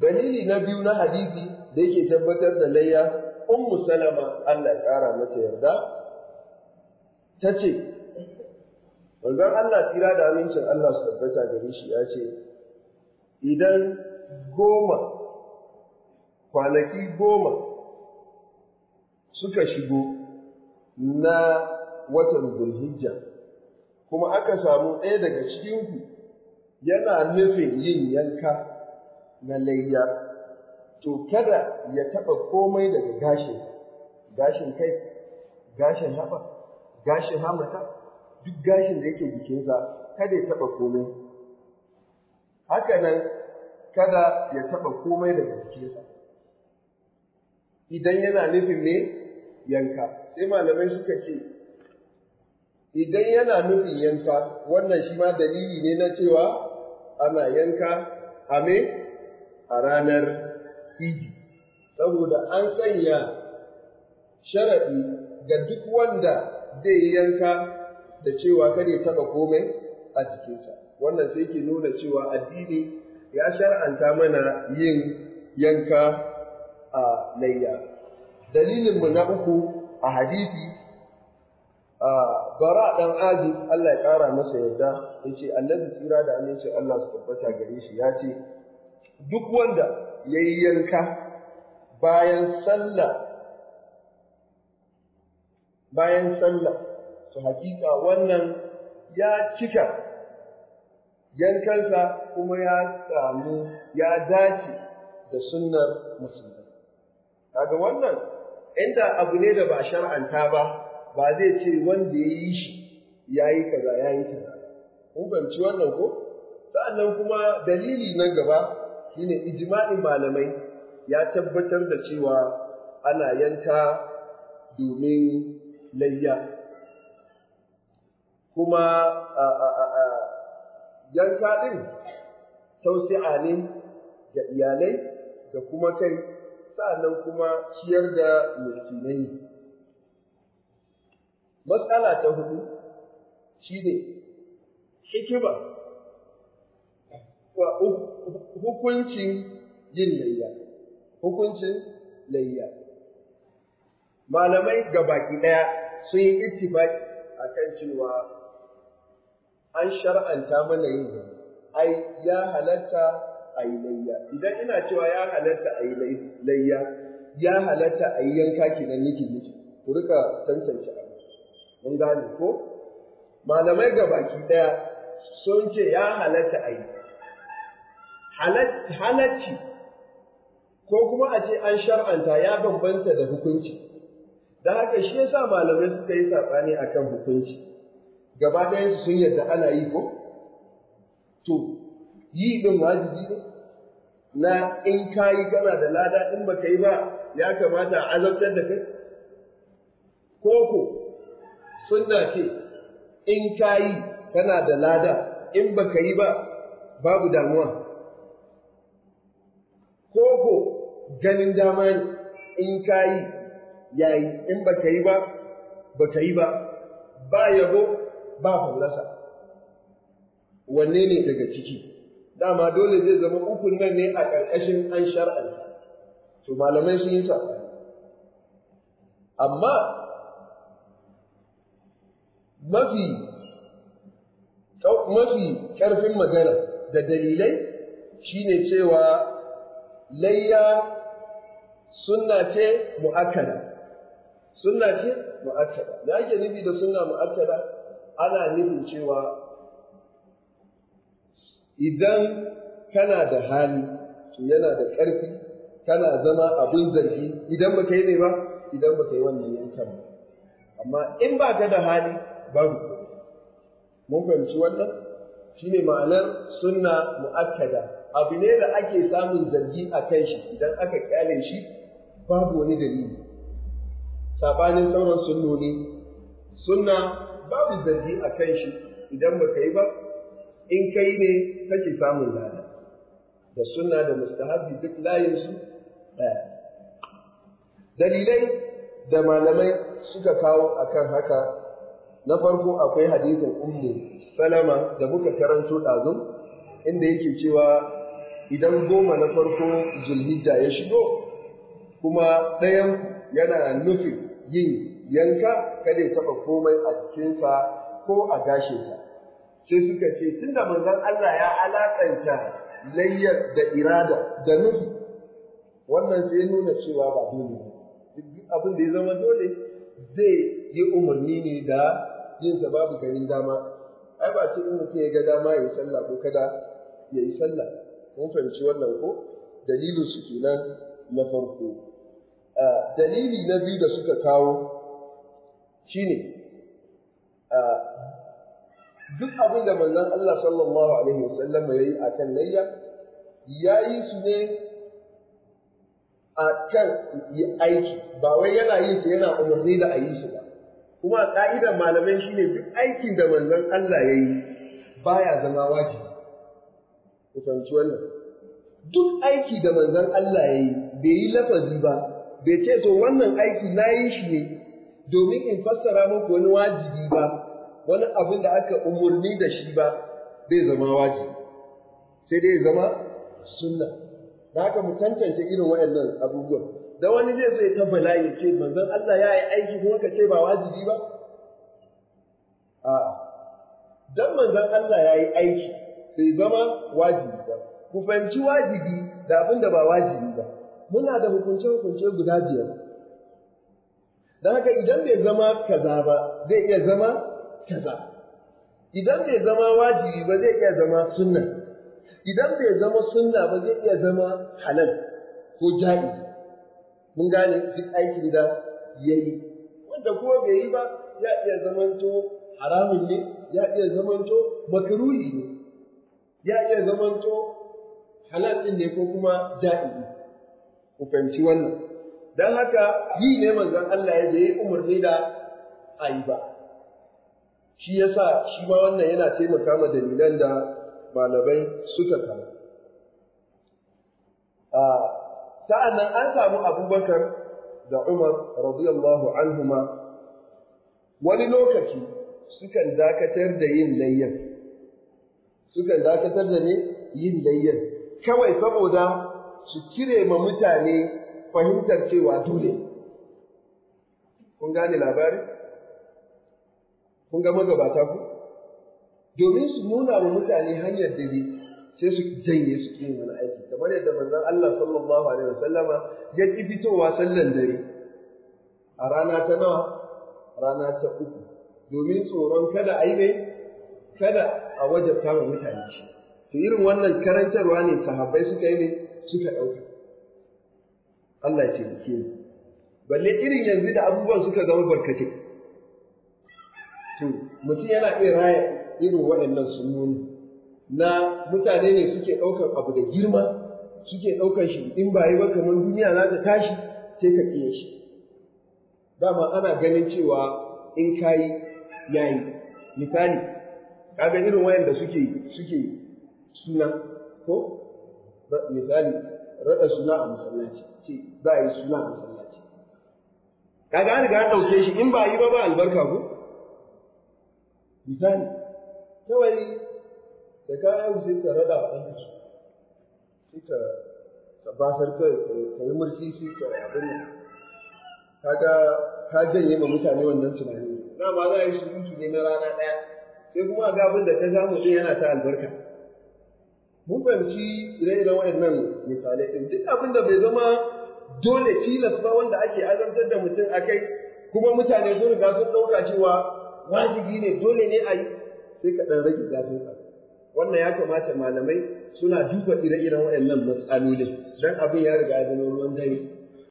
dalili na biyu na hadisi da yake tabbatar da layya ummu salama Allah ya kara mata yarda ta ce Allah tira da amincin Allah su tabbata gare shi ya ce idan goma kwanaki goma suka shigo na watan Zulhijja kuma aka samu ɗaya daga cikinku yana nufin yin yanka na layya to kada ya taɓa komai daga gashin gashin kai gashin haɓa gashin hamata duk gashin da yake jikinsa kada ya taɓa komai haka nan kada ya taɓa komai daga jikinsa idan yana nufin ne yanka sai malamai suka ce idan yana nufin yanka wannan shi ma dalili ne na cewa ana yanka a me a ranar Idi, saboda an sanya sharaɗi ga duk wanda zai yanka da cewa kada ya taɓa komai a jikinsa. Wannan sai ke nuna cewa addini ya shar'anta mana yin yanka a layya. Dalilinmu na uku a hadisi bara ɗan aji Allah ya ƙara masa yadda ya ce annabi tsira da aminci Allah su tabbata gare shi ya ce duk wanda ya yi yanka bayan sallah bayan sallah to hakika wannan ya cika yankansa kuma ya samu ya dace da sunnar musulmi kaga wannan inda abu ne da ba shar'anta ba ba zai ce wanda ya yi shi ya yi kaza ya yi kaza kun fahimci wannan ko sa'annan kuma dalili na gaba shine ijma'in malamai ya tabbatar da cewa ana yanka domin layya kuma a yanka ɗin tausi'a ne ga iyalai da kuma kai sa'annan kuma ciyar da miskinai matsala ta hudu shine hikima hukuncin yin layya hukuncin layya malamai gabaki ɗaya sun yi ittifaki akan cewa an shar'anta mana yin ai ya halatta a yi layya idan ina cewa ya halatta a yi layya ya halatta a yi yanka kenan nake miki ku rika tantance abu mun gane ko malamai gabaki ɗaya sun ce ya halatta a yi halacci ko kuma a ce an shar'anta ya bambanta da hukunci da haka shi yasa malamai suka yi saɓani akan hukunci gaba su sun yadda ana yi ko to yi ɗin wajibi ne na in ka yi kana da lada in ba ka yi ba ya kamata a azabtar da kai koko sunna ce in ka yi kana da lada in ba ka yi ba babu damuwa ganin dama ne in ka yi yayi in ba ka yi ba ba ka yi ba ba yabo ba faulasa wanne ne daga ciki dama dole zai zama ukun nan ne a ƙarƙashin an shar'an to malamai sun yi sa amma mafi mafi ƙarfin magana da dalilai shine cewa layya sunna ce mu'akkada sunna ce mu'akkada da ake nufi da sunna mu'akkada ana nufin cewa idan kana da hali to yana da ƙarfi kana zama abin zargi idan baka yi ne ba idan baka yi wannan yankan amma in ba ka da hali babu mun fahimci wannan shine ma'anar sunna mu'akkada abu ne da ake samun zargi a kan shi idan aka kyale shi babu wani dalili sabanin sauran sunnoni sunna babu zargi a kan shi idan baka yi ba in kai ne kake samun lada da sunna da mustahabbi duk layin su ɗaya dalilai da malamai suka kawo akan haka na farko akwai hadisin ummu salama da muka karanto ɗazu inda yake cewa idan goma na farko zulhijja ya shigo kuma ɗayan yana nufin yin yanka kada ya taɓa komai a jikinsa ko a gashinsa sai suka ce tun da manzan Allah ya alaƙanta layyar da irada da nufi wannan sai nuna cewa ba dole abin da ya zama dole zai yi umarni ne da yin babu ganin dama ai ba ce in ya ga dama ya yi sallah ko kada ya yi sallah mun fahimci wannan ko dalilin su kenan na farko dalili na biyu da suka kawo shi shine duk abin da manzon Allah sallallahu alaihi wasallam ya yi a kan layya ya yi su ne a kan aiki ba wai yana yin su yana umarni da a yi su ba kuma ka'idar malamai shi ne duk aikin da manzan Allah ya yi baya zama wajibi ku fahimci wannan duk aiki da manzon Allah ya yi bai yi lafazi ba bai ce to wannan aiki na yi shi ne domin in fassara muku wani wajibi ba wani abin da aka umurni da shi ba bai zama wajibi sai dai zama sunna da haka mu tantance irin waɗannan abubuwan da wani zai zai ta bala'i ya ce manzon Allah ya yi aiki kuma ka ce ba wajibi ba a don manzon Allah ya yi aiki sai zama wajibi ba ku fahimci wajibi da abin da ba wajibi ba muna da hukunce-hukunce guda biyar. Don haka idan bai zama kaza ba, zai iya zama kaza. Idan bai zama wajibi ba, zai iya zama sunna. Idan bai zama sunna ba, zai iya zama halal ko ja'i. Mun gane duk aikin da ya yi. Wanda kuma bai yi ba, ya iya zamanto haramun ne, ya iya zamanto makaruri ne, ya iya zamanto halal ɗin ne ko kuma ja'i ne. ku fahimci wannan Don haka yi ne manzon Allah ya je umarni da ayi ba shi ya sa, shi ma wannan yana taimaka ma dalilan da malamai suka kama a nan an samu Abubakar da Umar radiyallahu anhuma wani lokaci sukan dakatar da yin layyar. sukan dakatar da ne yin layyar kawai saboda su kire ma mutane fahimtar cewa dole. Kun gane labari? Kun ga magabata ku? Domin su nuna wa mutane hanyar dare sai su janye su kiri wani aiki kamar yadda manzan Allah sallallahu alaihi wasallama ya ƙi fitowa sallan dare a rana ta nawa rana ta uku domin tsoron kada a yi mai kada a wajabta wa mutane shi to irin wannan karantarwa ne sahabbai suka yi ne suka ɗauka Allah ya taimake mu balle irin yanzu da abubuwan suka zama barkace to mutum yana iya raya irin waɗannan sunnoni na mutane ne suke ɗaukar abu da girma suke ɗaukar shi in ba yi ba kamar duniya za ta tashi sai ka iya shi dama ana ganin cewa in ka yi yayi misali kaga irin wayanda suke suke suna ko misali raɗa suna a masallaci ce za a yi suna a masallaci kaga an ga dauke shi in ba yi ba ba albarka ko misali kawai da ka yi sai ka raɗa a ɗan su sai ka ka basar kai ka yi murci sai ka abin nan kaga ka janye ma mutane wannan tunani na ma za a yi surutu ne na rana ɗaya sai kuma ga abin da ta samu sai yana ta albarka mun fahimci ire-iren wayannan misalai ɗin, duk abin da bai zama dole tilas ba wanda ake azantar da mutum a kai, kuma mutane sun riga sun ɗauka cewa wajibi ne dole ne a yi sai ka ɗan rage zafin ka wannan ya kamata malamai suna duba ire-iren wayannan matsalolin dan abin ya riga ya zama ruwan dare